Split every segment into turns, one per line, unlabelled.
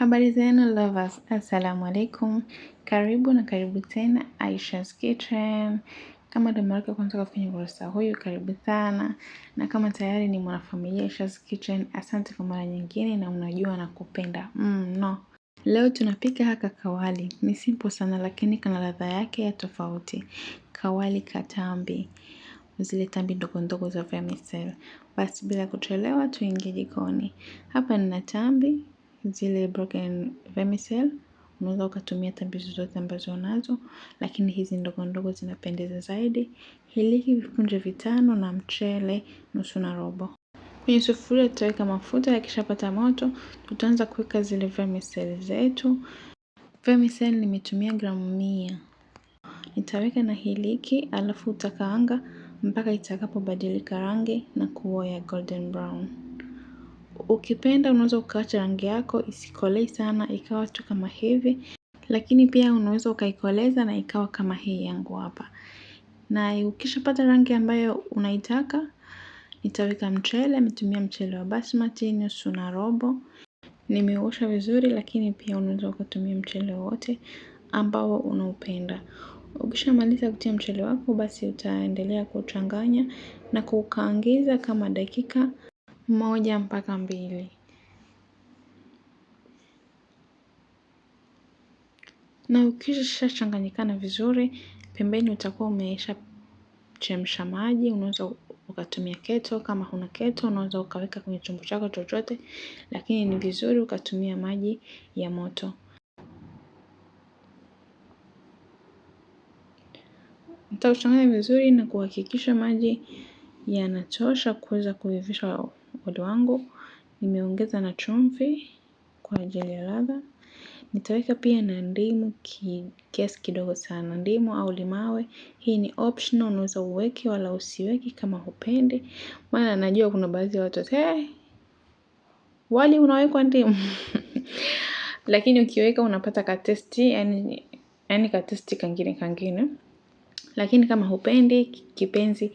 Habari zenu lovers, assalamu alaikum, karibu na karibu tena Aisha's Kitchen. Kama ndo mara kwanza kufanya kurasa huyu, karibu sana, na kama tayari ni mwanafamilia Aisha's Kitchen, asante kwa mara nyingine, na unajua na kupenda mno. leo tunapika haka kawali, ni simple sana, lakini kana ladha yake ya tofauti. Kawali katambi, zile tambi ndogo ndogo za vermicelli. Basi bila kuchelewa, tuingie jikoni. Hapa nina tambi zile broken vermicelli unaweza ukatumia tambizo zote ambazo unazo, lakini hizi ndogo ndogo zinapendeza zaidi. Hiliki vipunje vitano na mchele nusu na robo. Kwenye sufuria tutaweka mafuta, yakishapata moto tutaanza kuweka zile vermicelli zetu. Vermicelli nimetumia gramu mia. Nitaweka na hiliki alafu utakaanga mpaka itakapobadilika rangi na kuwa ya golden brown. Ukipenda unaweza ukaacha rangi yako isikolee sana ikawa tu kama hivi, lakini pia unaweza ukaikoleza na ikawa kama hii yangu hapa. Na ukishapata rangi ambayo unaitaka, nitaweka mchele, ametumia mchele wa basmati nusu na robo. nimeosha vizuri lakini pia unaweza ukatumia mchele wowote ambao unaupenda. Ukishamaliza kutia mchele wako basi utaendelea kuchanganya na kukaangiza kama dakika moja mpaka mbili. Na ukishachanganyikana vizuri, pembeni utakuwa umeisha chemsha maji. Unaweza ukatumia keto, kama huna keto unaweza ukaweka kwenye chombo chako chochote, lakini ni vizuri ukatumia maji ya moto. Utachanganya vizuri na kuhakikisha maji yanatosha kuweza kuivisha wali wangu, nimeongeza na chumvi kwa ajili ya ladha. Nitaweka pia na ndimu kiasi kidogo sana, ndimu au limawe, hii ni optional, unaweza uweke wala usiweke kama hupendi. Maana najua kuna baadhi ya watu hey, eh, wali unawekwa ndimu lakini ukiweka unapata katesti yani, yani katesti kangine kangine, lakini kama hupendi kipenzi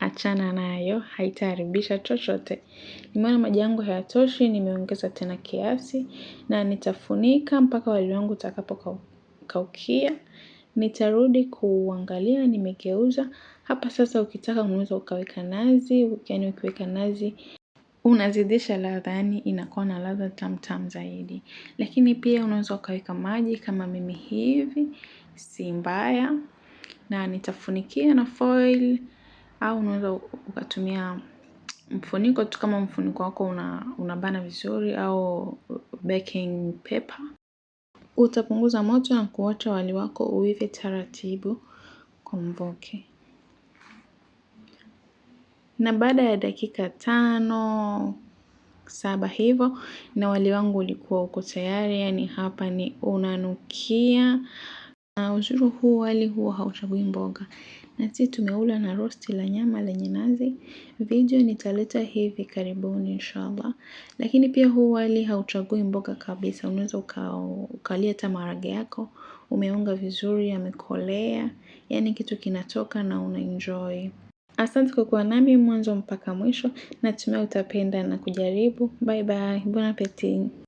achana nayo, haitaharibisha chochote. Nimeona maji yangu hayatoshi, nimeongeza tena kiasi na nitafunika mpaka wali wangu utakapokaukia. Nitarudi kuuangalia, nimegeuza. Hapa sasa ukitaka unaweza ukaweka nazi, yaani ukiweka nazi unazidisha ladha yaani inakuwa na ladha tam zaidi. Lakini pia unaweza ukaweka maji kama mimi hivi, si mbaya na nitafunikia na foil au unaweza ukatumia mfuniko tu kama mfuniko wako una, unabana vizuri au baking paper. Utapunguza moto na kuacha wali wako uive taratibu kwa mvuke. Na baada ya dakika tano saba hivyo, na wali wangu ulikuwa uko tayari, yani hapa ni unanukia Ah, uzuri huu wali huwa hauchagui mboga. Na si tumeula na rosti la nyama lenye nazi, video nitaleta hivi karibuni inshallah. Lakini pia huu wali hauchagui mboga kabisa, unaweza ukalia hata maharage yako, umeunga vizuri yamekolea, yaani kitu kinatoka na unaenjoy. Asante kwa kuwa nami mwanzo mpaka mwisho natumai utapenda na kujaribu. Bye bye, bon appetit.